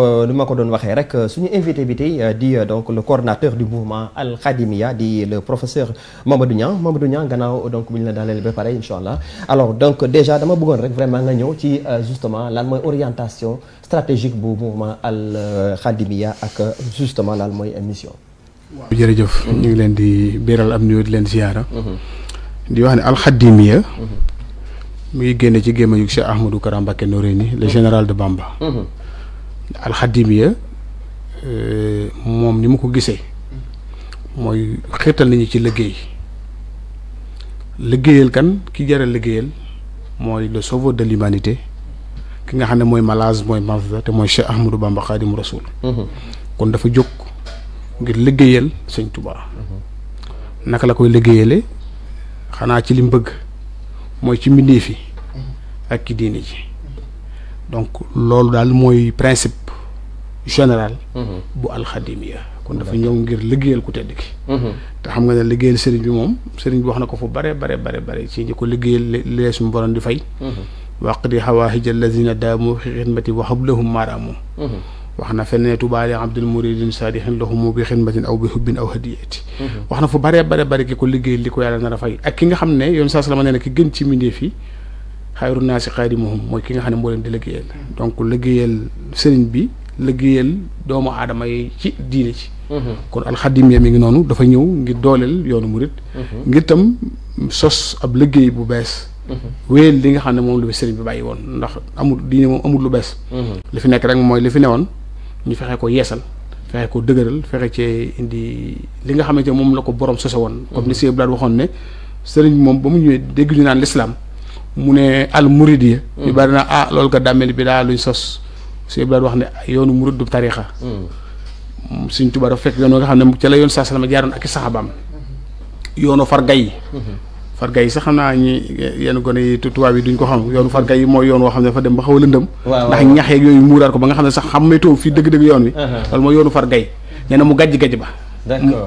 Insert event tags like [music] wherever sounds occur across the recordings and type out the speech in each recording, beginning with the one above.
nous euh, nu ma ko rek euh, suñu invité bi euh, di donc le coordonnateur du mouvement Al Khadimia, di le professeur Mamadou Niang Mamadou Niang gannaaw donc bu ñu la dalalee ba pare alors donc déjà dama bëggoon rek vraiment nga ñëw ci justement lan orientation stratégique du mouvement Al Khadimia ak justement lan mooy mission. waaw jërëjëf. Mhm. ñu ngi leen di biiral am nuyoo di leen ziyaara. Mhm. di wax ne Al Khadimiyyah. muy mhm. génne ci gémmañu Cheikh Ahmadou Kara Mbacké ni le général de Bamba. alxadimiya euh, moom ni mu ko gisee mooy xeetal nañu ci liggéey liggéeyal kan ki jara liggéeyal mooy le sauveur de l'humanité ki nga xam ne mooy malaaz mooy mafda te mooy Cheikh Ahmadou Bamba Xaadimu Rasuul mhm. kon dafa jóg ngir liggéeyal sëñ Tuubaa mhm. naka la koy liggéeyale xanaa ci li bëgg mooy ci mbindéef yi mhm. ak ci diini ji donc loolu daal mooy principe général bu alxadimiya kon dafa ñëw ngir liggéeyal ku tedd ki te xam nga ne liggéeyal sëriñ bi moom sëriñ bi wax na ko fu bare bare bare bare ci ñi ko liggéeyal lee suñu borom di fay waqdi xawaahij alladina daamu fi xidmati wa hablahum maaraamu wax na feneen tubaali abdul muridin saadixin lahumu bi xidmatin aw bi hubbin aw hadiyati wax na fu bare bare bare ki ko liggéeyal li ko yàlla nar a fay ak ki nga xam ne yoon saa salama nee na ki gën ci mindee fii xayru naa si xaadimuhum mooy ki nga xam ne moo leen di liggéeyal donc liggéeyal sëriñ bi liggéeyal doomu aadama yi ci diine ci mhm. kon alxadim ya mi ngi noonu dafa ñëw ngir dooleel yoonu murit mhm. ngir tam sos ab liggéey bu bees mhm. wéyal li nga xam ne moom lu fi sëriñ bi bàyyi ndax amul diine moom lu bees li fi nekk rek mooy li fi newoon ñu fexe ko yeesal fexe ko dëgëral fexe cee indi li nga xamante moom la ko borom sose woon comme ni Sèye Blade waxoon ne sëriñ moom ba mu ñëwee dégg ñu naan lislaam mu ne al muridiya ñu mm. bari na ah loolu ko dàmmel bi daal luy sos suñu bi wax ne ah, yoonu murid du tarixa mm. suñ tubaab dafa fekk yoon nga xam ne ca la yoon saa salama jaaroon ak i saxabaam yoonu fargay mm-hmm. fargay yi sax a naa ñi yenn gone yi tubaab yi duñ ko xam yoonu fargay yi mooy yoon woo xam ne dafa dem ba xaw a lëndëm ndax ñax yeeg yooyu muuraat ko ba nga xam ne sax xam may toog fii dëgg-dëgg yoon wi uh-huh. loolu mooy yoonu fargay nee na mu gàjj-gàjj ba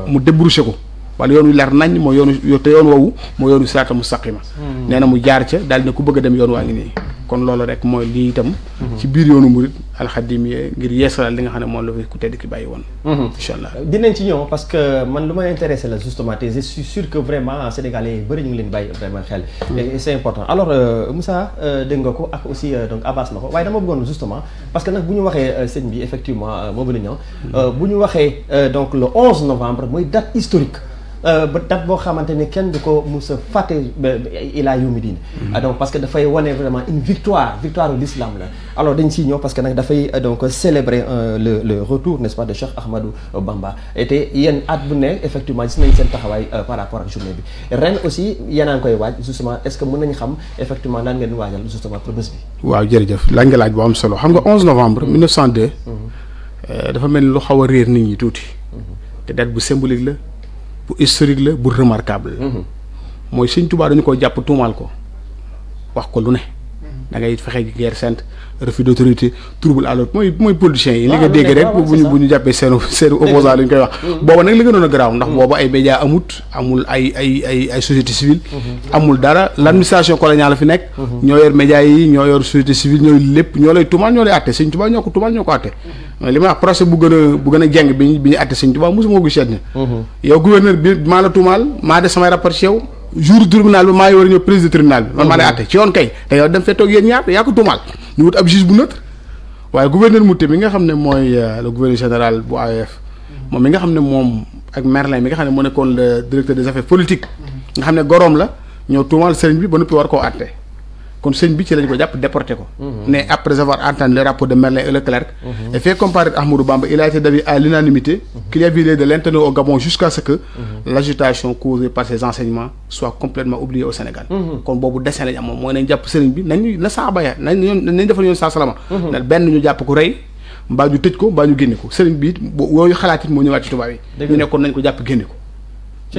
mu débrouché ko wala yoon wi leer nañ mooy yoonu te yoon woowu mo yoonu siraatal mustaqima hmm. nee mu jaar ca dal ne ko bëgg dem yoon waangi ni kon loolu rek moy li itam hmm. ci biir yoonu murit alxadim yi ngir yeesalal li nga xam mo moom la fi ku tedd ki bàyyi woon hmm. incha allah dinañ ci ñëw parce que man lu ma intéressé la justement te je suis sûr que vraiment sénégalais yi ñu ngi leen bayyi vraiment xel et c'est important alors euh, Moussa euh, de nga ko ak aussi euh, donc Abbas nako ko waaye dama bëggoon justement parce que nak buñu waxé waxee bi effectivement mo la ñëw buñu waxé donc le 11 novembre moy date historique euh, ba date bo xamante ne kenn du ko il a eu mhm. ah, donc parce que fay woné vraiment une victoire victoire de l'islam là alors dañ siy parce que da fay euh, donc célébrer euh, le retour n'est-ce pas de Cheikh Ahmadou Bamba et te at bu ne effectivement gis nañ seen taxawaay par rapport à journée bi ren aussi yéen a ngi koy justement est-ce que mën nañ xam effectivement nan ngeen wajal justement pour bëss bi waaw jërëjëf la nga laaj bu am solo xam nga 11 novembre 1902 mhm. mhm. dafa mel ni lu xaw a réer nit ñi tuuti te date bu symbolique la bu historique la bu remarquable la mhm. mooy sëñ Tuubaa dañu ko jàpp tuumaal ko wax ko lu ne mhm. da ngay fexe guerre sainte refus d'autorité trouble à l'ordre mooy mooy politiciens yi li nga dégg rek bu ñu bu ñu jàppee seen seen opposant ñu koy wax mm-hmm. booba nag li gënoon a garaaw ndax mm-hmm. booba ay média amut amul ay ay société civile mm-hmm. amul dara l'administration coloniale fi nekk ñoo yor média yi ñoo yor société civile ñooy lépp ñoo lay tumal ñoo lay àtte Sëñ Tuubaa ñoo ko tumal ñoo ko àtte li ma wax procès bu gën a bu gën a jeng bi ñu àtte Sëñ Tuubaa mosuma ko gis yow gouverneur bi maa jour tribunal bi maa ngi war a ñëw président tribunal bi man maa lay àtte ci yoon kay te yow dem fee toog yéen ñaar yaa ko tuumaal ñu wut ab juge bu neutre waaye gouverneur Mouté mi nga xam ne mooy euh, le gouverneur général bu AOF e moom mi nga xam ne moom ak Merlin mi nga xam ne mu nekkoon le directeur des affaires politiques nga xam ne gorom la ñoo tuumaal sëriñ bi ba noppi war koo àtte kon sëñ bi ci lañ ko jàpp déporté ko. mais mhm. après avoir entendu le rapport de Merlin et Leclerc. Mhm. et fait comparer Ahmadou Bamba il a été d'avis à l'unanimité mhm. qu'il y avait de l'interdire au Gabon jusqu'à ce que. l'agitation causée par ces enseignements soit complètement oubliée au Sénégal. kon boobu dessin lañ amoon mooy nañ jàpp sëriñ bi nañ ñu na saaba ya nañ ñu nañ defal yoon saa salama. benn ñu jàpp ko rey. mbaa ñu tëj ko mbaa ñu génne ko sëriñ bi it yooyu xalaat it moo ñëwaat ñu nekkoon nañ ko jàpp génne ko.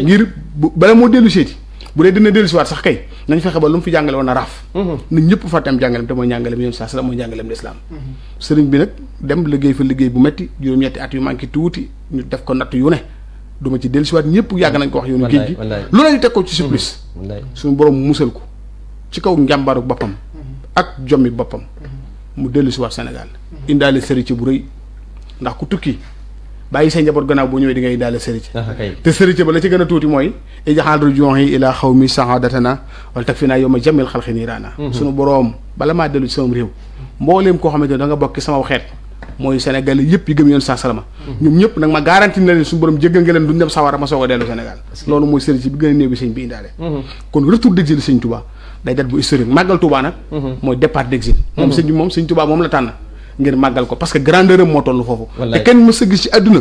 ngir bala moo dellu seeti bu dee dina dellusiwaat sax kay nañ fexe ba lu mu fi jàngale woon a raaf mhm. na ñëpp fàtteem jàngalem te mooy njàngalem yoon saa sala mooy njàngalem lislaam mhm. sëriñ bi nag dem liggéey fa liggéey bu metti juróom-ñetti at yu manqué tuuti ñu def ko natt yu ne duma ci dellusiwaat ñëpp yàgg nañ ko wax yoonu géej gi lu ne ñu teg ko ci mhm. supplice suñu borom musal ko ci kaw njàmbaaru boppam ak jommi boppam mu dellusiwaat Sénégal indaale sëriñ ci bu rëy ndax ku tukki bàyyi sa njaboot gannaaw boo ñëwee di ngay daale sëric te sëric ba la ci gën a tuuti mooy ijaxal rujuon yi ilaa xaw mi saadatana wala tag fi naa yow ma jamil xalxi nii raana mhm. suñu boroom bala maa dellu ci sama réew mbooleem koo xamante ne da nga a bi a indaale mhm. kon retour d'exil sëñ Touba day dat bu historique màggal Touba nag mhm. mooy départ d'exil moom sëñ bi moom la tànn ngir màggal ko parce que grandeur am moo toll foofu. te kenn mës a gis ci àdduna.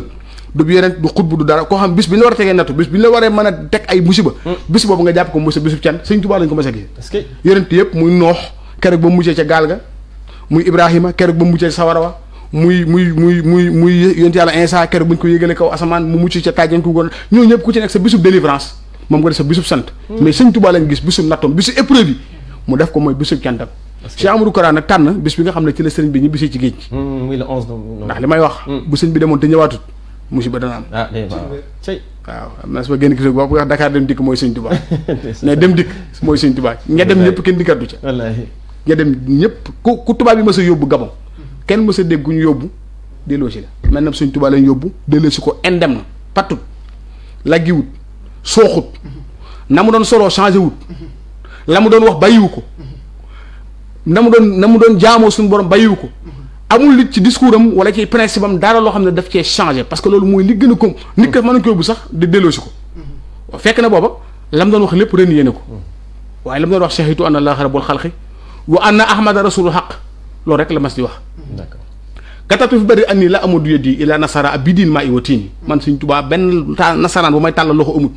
du bi yeneen du xutbu du dara koo xam bis bi ñu la war a tegee nattu bis bi ñu la waree mën a teg ay musiba. Hmm. bis boobu nga jàpp ko mos Ibrahima keroog ba mujjee ca sawara wa muy muy muy muy muy yonent yàlla Insa keroog bu ñu ko yëgalee kaw asamaan mu mucc ca tàjjan ko goon ñoo ñëpp ku ci nekk sa bisub délivrance moom nga def sa bisub sant. Hmm. mais sëñ Tuubaa gis bisub nattoom mooy bisub cantam Cheikh Amadou Kora nag tànn bis bi nga xam ne ci la sëriñ bi ñu bisee ci géej gi muy hmm, hmm, le onze ndax li may wax hmm. bu sëriñ bi demoon te ñëwaatut musiba dana am ah, eh, waaw am naa sama génn kii boo wax Dakar dem dikk mooy sëñ Tuubaa [laughs] ne dem dikk mooy sëñ Tuubaa nga dem ñëpp kenn dikkaat du ca nga dem ñëpp ku ku tubaab yi mës a yóbbu Gabon kenn mës a dégg ñu yóbbu delloo si la mel na sëñ Tuubaa lañ yóbbu delloo si ko indem na pattut laggiwut sooxut na mu doon soloo changé wut la mu doon wax bàyyiwu ko na mu doon na mu doon jaamoo suñu borom bàyyiwu ko amul li ci discours am wala ci principe am dara loo xam ne daf cee changé parce que loolu mooy li gën a kom nit ka mën nañ koy bu sax di delloosi ko fekk na booba lam doon wax lépp ren yéene ko waaye lam doon wax shahitu anna allaha rabbul xalqi wa anna ahmada rasulul xaq loolu rek la mas di wax katatu fi bëri annii la amadu yadi ila nasara ab bidin maa iwa tiini man suñ tubaa benn ta nasaraan bu may tàllal loxo amut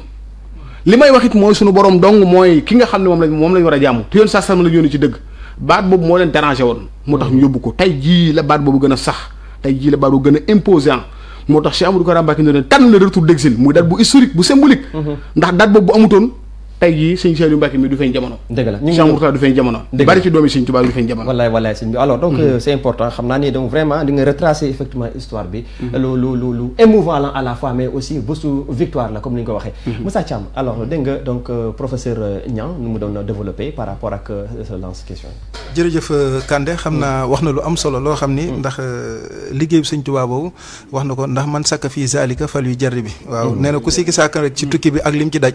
li may wax it mooy suñu borom dong mooy ki nga xam ne moom lañ moom lañ war a jaamu te yoon sa sam la ñu yónni ci dëgg baat boobu moo leen dérangé woon moo tax ñu yóbbu ko tey jii la baat boobu gën a sax tey jii la baat boobu gën a imposant moo tax Cheikh Amadou Kara Mbacké ne tànn le retour d'exil muy date bu historique bu symbolique mm-hmm. ndax date boobu bu amutoon tey jii sëñ Saliou Mbacke mi du feeñ jamono dëgg la Cheikh Mourtada mm-hmm. euh, ni donc mm-hmm. la à la fois mais aussi bésu ko waxee mm-hmm. sa euh, euh, lance question Kande mm. mm. fii zalika fal yu jarri bi waaw mm. nee ku sikki sàkk rek ci tukki bi ak lim ci daj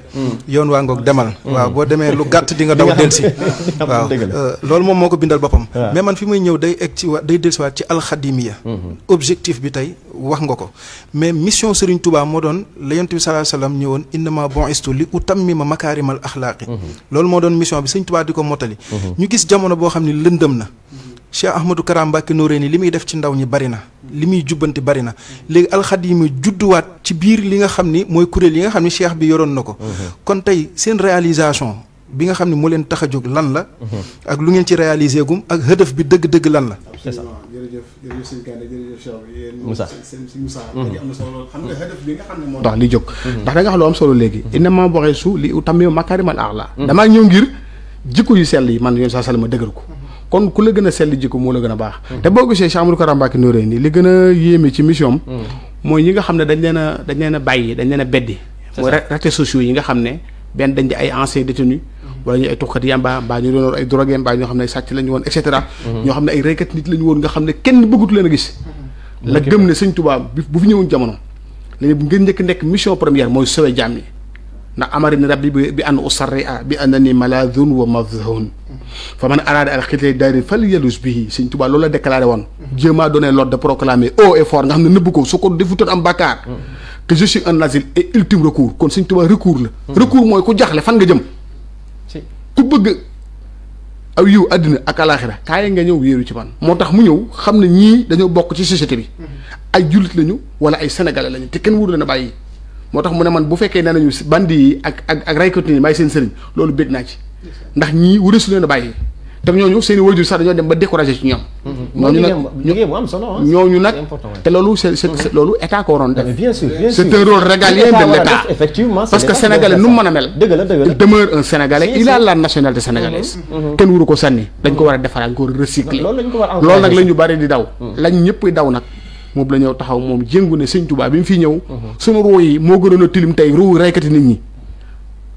yoon waa ngoog Mm. waaw boo demee lu gàtt di daw [laughs] delsi [laughs] waaw euh, loolu moom moo ko bindal boppam. Ah. mais fi muy ñëw day egg ci wa day delsiwaat ci alxadimiya mm-hmm. objectif bi tey wax nga ko mais mission Serigne Touba moo doon la yonent bi sallallahu alayhi wasallam ñëwoon innama bon istu li utammima makaarimal axlaaqi mm-hmm. loolu moo doon mission bi Serigne Touba di ko mottali. Mm-hmm. ñu gis jamono boo xam ne lëndëm na. Cheikh Ahmadou Kara Mbacké Noreyni li muy def ci ndaw ñi bari na li muy jubbanti bari na léegi alxadimi judduwaat ci biir li nga xam ni mooy kuréel yi nga xam ni cheikh bi yoroon na ko mhm. kon tey seen réalisation bi nga xam ne moo leen tax a jóg lan la mhm. ak lu ngeen ci réaliser gum ak hëdëf bi dëgg-dëgg lan la jërëjëf jërëjëf mhm. moo tax li jóg ndax da nga xam lu am solo léegi innama boxe su li u tammi makaarimal la damaa ñëw ngir jikko yu sell yi man yoon saa sall ma dëgër ko kon ku la gën a sell jikko moo la gën a baax. te boo gisee Cheikh Amadou Kara Mbacké Noreyni nii li gën a yéeme ci mission mooy ñi nga xam ne dañ leen a dañ leen a bàyyi dañ leen a beddi. mooy réseaux sociaux yi nga xam ne benn dañ di ay anciens détenus wala ñu ay tuxkat yamba mbaa ñu doon ay drogué mbaa ñoo xam ne sàcc lañu woon et cetera. Mhm. ñoo xam ne ay reykat nit lañu woon nga xam ne kenn bëggut leen a gis. Mhm. la gëm ne sëñ Tuubaa bu fi ñëwuñ jamono. léegi bu ngeen njëkk nekk mission première mooy sauver jàmm ndax amar rab rabbi bi an usarria bi annani maladun wa madhun fa man araada al xitli daari fal yalus bihi sëñ Tuubaa loolu la déclaré woon jéemaa donné l'ordre de proclamer haut et fort nga xam ne nëbb ko su ko defutoon am bàkkaar que je suis un asile et ultime recours kon sëñ Tuubaa recours la recours mooy ku jaxle fan nga jëm ku bëgg aw yiw àddina ak alaaxira kaay nga ñëw wéeru ci man moo tax mu ñëw xam ne ñii dañoo bokk ci société bi mm-hmm. ay jullit lañu wala ay sénégalais lañu te kenn wóor leen a bàyyi moo tax mu ne man bu fekkee nee nañu bandi yi ak ak ak may seen sëriñ loolu bég naa ci ndax ñi wure su leen a bàyyi te ñooñu seen i wajur sax dañoo dem ba découragé ci ñoom mhm. ñooñu nag ñooñu nag te mhm. loolu état ko def c'est que sénégalais nu mu mën a mel il demeure un sénégalais il a la mhm. kenn wuru ko sànni dañ ko war a defaraat ko recycler loolu nag la ñu bari di daw lañ ñëpp daw nag moom la ñëw taxaw moom jéngu ne sëñ Tuubaa bi mu fi ñëw sunu ruu yi moo gënoon a tilim tey ruu reykati nit ñi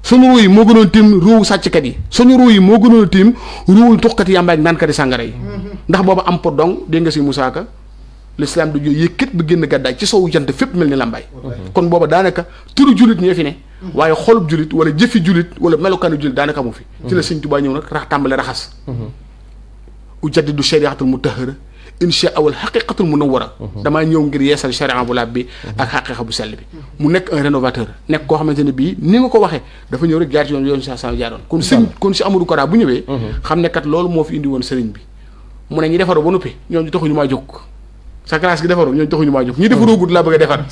sunu ruu yi moo gënoon a tilim ruu sàcckat yi sunu ruu yi moo gënoon a tilim ruu tuxkat yi yàmbaay ak naankat yi sàngara yi ndax booba am po dong dégg nga si Musaa Ka l'islam du jooy yëkkat bi génn gàddaay ci sowu jant fépp mel ni làmbaay kon booba daanaka turu julit ñoo fi ne waaye xolub julit wala jëfi julit wala melokaanu julit daanaka mu fi ci la sëñ Tuubaa ñëw nag rax tàmbale raxas mhm. u jaddidu shariatul mutahhara insha awal haqiqatul munawwara dama ñew ngir yeesal sharia bu labbi ak haqiqa bu sel bi mu nek un rénovateur nek ko xamanteni bi ni nga ko waxe dafa ñew rek jaar ci yoon yoon sa sa jaaroon kon señ kon ci amadou kora bu ñewé xamne kat loolu mo fi indi won señ bi mu ne ñi defaru bu noppi ñoom ñu taxuñu maa jokk sa classe gi defaru ñoom taxuñu maa jokk ñi defaru gud la bëgg defar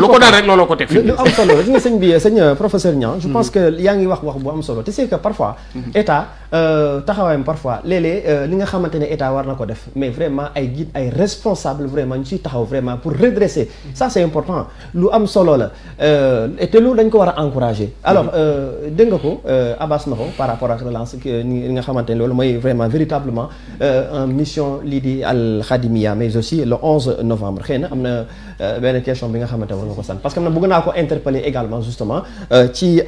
lu ko daal rek looloo ko teg lu am solo gis nga señ bi señ professeur Niang je pense que yaa ngi wax wax bu am solo te c'est que parfois état Euh, taxawaayam parfois léeg-léeg euh, li nga xamante ne état war na ko def mais vraiment ay guide ay responsable vraiment ñu ciy taxaw vraiment pour redresser mm-hmm. ça c'est important lu am solo la euh, te loolu dañ ko war a encourager alors mm-hmm. dégg nga ko Abass na par rapport ak relance li nga xamante ne loolu mooy vraiment véritablement un mission lii di Al Khadimiyyah mais aussi le 11 novembre xëy na am na benn question bi nga xamante war nga ko parce que am na bëgg naa ko interpeller également justement ci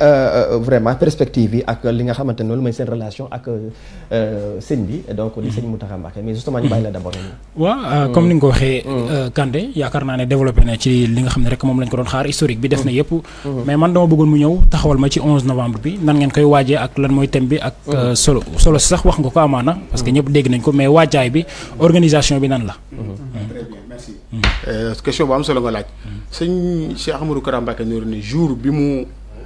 vraiment perspective yi ak li nga xamante ne loolu mooy seen relation ak euh, sëñ bi donc di sëñ Mountakha Mbacké mais justement ñu bàyyi la d'abord. waaw euh, euh, comme ni nga ko waxee. Kandé yaakaar naa ne développé na ci li nga xam ne rek moom lañ ko doon xaar historique bi def na mm. yëpp. Mm. mais man dama bëggoon mu ñëw taxawal ma ci 11 novembre bi nan ngeen koy waajee ak lan mooy thème bi ak. Mm. solo si sax wax nga ko amaana. parce que ñëpp dégg nañ ko mais waajaay bi organisation bi nan la. question bu am solo nga laaj. sëñ Cheikh Amadou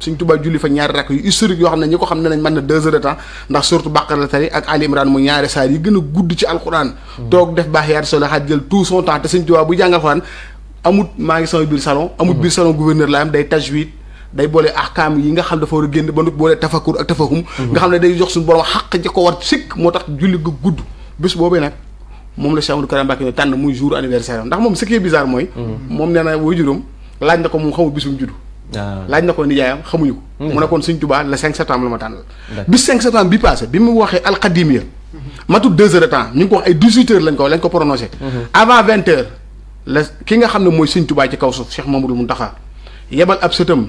seigne touba julli fa ñaari rak yu historique yo xamne ñiko xamne nañ man 2 heures de temps ndax surtout baqara tari ak ali imran mu ñaari saar yi gëna gudd ci alquran tok def bax yar solo xat jël tout son temps te seigne touba bu jangal amut ma ngi sama bir salon amut bir salon gouverneur la am day tajwid day bolé ahkam yi nga xam dafa wara genn ba nut bolé tafakkur ak tafahum nga xamne day jox sun borom xaq ji ko war sik motax julli gu gudd bis bobé nak mom la cheikh karam bakki tan muy jour anniversaire ndax mom ce qui est bizarre moy mom mm. néna wujurum jurum laaj nako mom xamu bisum juddu Ah. laaj na ko nijaayam xamuñu ko. Hmm. mu ne kon Sëñ Tuubaa le 5 septembre la ma tànnal. bi 5 septembre bi passé bi mu waxee alxadimiya. Hmm. matul 2 heures de temps ñu ngi ko wax ay 18 heures lañ ko lañ ko prononcé. Hmm. avant 20 la ki nga xam ne mooy Sëñ Tuubaa ci kaw suuf Cheikh Mamadou Mountakha yebal ab sëtam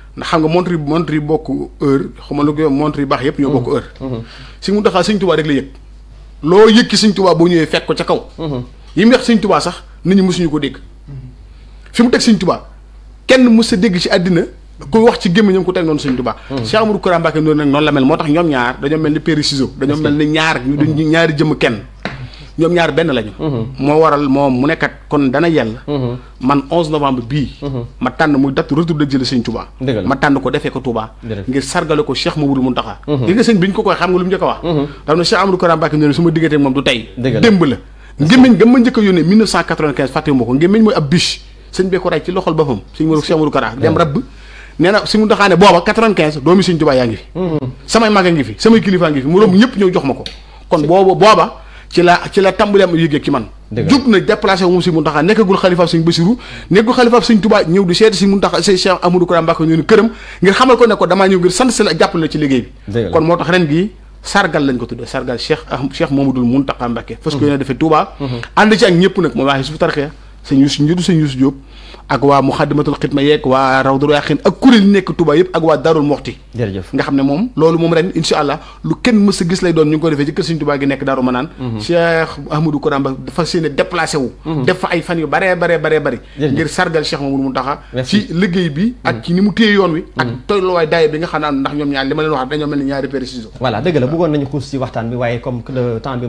ndax xam nga montre montre yi bokk heure xam nga lu ko montre yi baax yëpp ñoo bokk mm-hmm. heure si mu taxaa sëñ tubaa rek la yëg loo yëg ci sëñ tubaa boo ñëwee fekk ko ca kaw mm-hmm. yi mu wax sëñ tubaa sax nit ñi mosuñu ko dégg mm-hmm. fi mu teg sëñ tubaa kenn mos a dégg ci àddina ku wax ci gémmiñam ku teg noonu sëñ tubaa Cheikh Amadou Koura Mbacké noonu nag noonu la mel moo tax ñoom ñaar dañoo mel ni péri ciseau dañoo mel ni ñaar ñu ñaari jëm kenn ñom ñaar ben lañu mhm. mo waral moom mu nekkat kon dana yalla mhm. man 11 novembre bi mhm. ma tan muy date retour de jël seigne Touba ma tan ko defé ko Touba ngir sargale ko Cheikh Mamadou Mountakha gis nga seigne biñ ko koy xam nga lu mu jëk wax da na Cheikh Amadou Karam bakki ñu suma digëté diggante moom du tay demb la ngémmiñ gam ma jëk yone 1995 fàttewu mako ko ngémmiñ mooy ab biche seigne bee ko ray ci loxol bafam seigne Mamadou Cheikh Amadou Karam dem rabb nee na suñu doxaane booba 95 domi seigne Touba yaangi fi samay magangi fi samay kilifa ngi fi mu rom ñëpp ñew jox mako ko kon booba boba ci la ci la tàmbali am yëgee ci man jóg na déplacé moom si Muntaxa nekkagul xalifaab sëñ Basiru nekkagul xalifaab sëñ Tuubaa ñëw di seeti si Muntaxa si Cheikh Amadou Kara Mbàkke ñëw këram ngir xamal ko ne damaa ñëw ngir sant si la jàppale la ci liggéey bi kon moo tax ren gii sargal lañ ko tuddee sargal Cheikh Cheikh Mamadou Muntaxa Mbàkke fas ko yéene defee Tuubaa mm-hmm. ànd ci ak ñëpp nag moo waaxee sufu tarxee sëñ Yuusu Njudu sëñ Yuusu Jóob ak waa Muxaddamatul Xidma yeeg waa Rawdu Rayaaxiin ak kuréel yi nekk Touba yëpp ak waa Darul Moxti jërëjëf nga xam ne moom loolu moom ren insha allah lu kenn mës a gis lay doon ñu ngi ko defee ci kër Sëriñ Touba gi nekk Daaru Manaan mhm. Cheikh Ahmadou Kouramba dafa seen déplacé wu mhm. def fa ay fan yu baree bare baree bëri ngir sargal Cheikh Mamadou Mountakha ci liggéey bi ak mhm. ci ni mu téye yoon wi ak tolluwaay daay bi nga xam ne ndax ñoom ñaar li ma leen wax dañoo mel ni ñaari précision voilà dëgg la bëggoon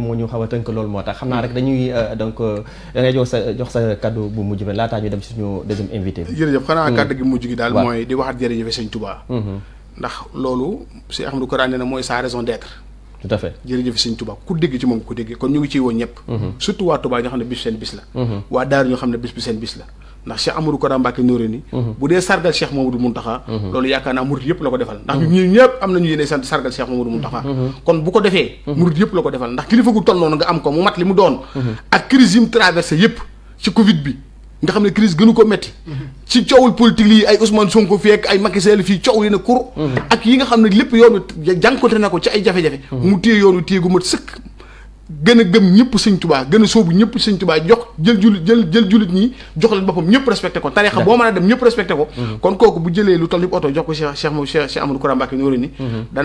moo a tënk loolu moo tax xam naa rek dañuy euh, donc euh, da ngay jox sa laataa ñu dem ci suñu deuxième invité bi. jërëjëf xanaa hmm. kàddu gi mujj gi dal moy di waxaat jërëjëf Seigne Touba. Hmm. ndax lolu Cheikh Ahmadou Kourane na moy sa raison d'être. tout à fait jërëjëf Seigne Touba ku dégg ci mom ku dégg kon ñu ngi ciy woo ñëpp hmm. surtout waa Touba ñoo xamne bis sen bis la hmm. waa Daaru ñoo xam ne bis bi sen bis la ndax Cheikh Amadou Kora Mbacke nóoré ni bu dé sargal Cheikh Mamadou Muntaha lolu yakana mourid murid lako la defal ndax ñu ñëpp am nañu yéene sante sargal Cheikh Mamadou Muntaha. kon bu ko défé mourid yëpp lako ko defal ndax kilifa gu toll noonu nga am ko mu mat li mu doon ak crise yi traversé yëpp ci Covid bi nga xam ne crise gënu ko métti ci coowul politique lii ay Ousmane Sonko fii ak ay Macky fii coow yi ne kur mm-hmm. ak yi nga xam ne lépp yoonu jànkonte na ko ci ay jafe-jafe mu téye yoonu téye gu mat sëkk gën a gëm ñëpp sëñ tubaa gën a sóobu ñëpp sëñ tubaa jox jël jullit jël jullit ñi jox leen boppam ñëpp respecté ko tarixa boo mën a dem ñëpp respecté ko mhm. kon kooku bu jëlee lu toll ni oto jox ko Cheikh Cheikh Cheikh Amadou Koura Mbacké mhm.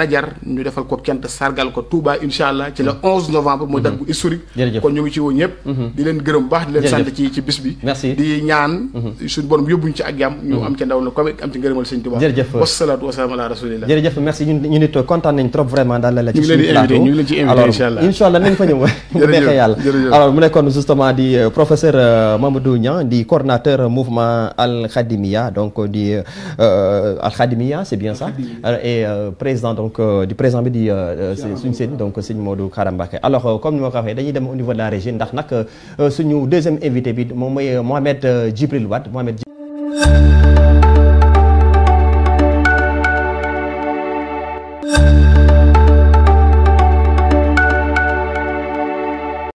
ñu defal ko cant sargal ko Touba insha allah ci le 11 mhm. novembre mooy date bu historique kon ñu ngi ci woo ñëpp di leen gërëm baax di leen sant ci bis bi di ñaan suñu borom yóbbuñ ci ñu ci ndaw am ñu nit ci suñu plateau ñu ngi leen alors je suis justement di euh, professeur euh, Mamadou Niang di coordonnateur euh, mouvement Al Khadimiya donc di Al Khadimia, c'est bien ça et président donc du président bi donc c'est Modou Kara alors comme nous avons fait au niveau de la région ndax ce suñu deuxième invité bi Mohamed Djibril Wad.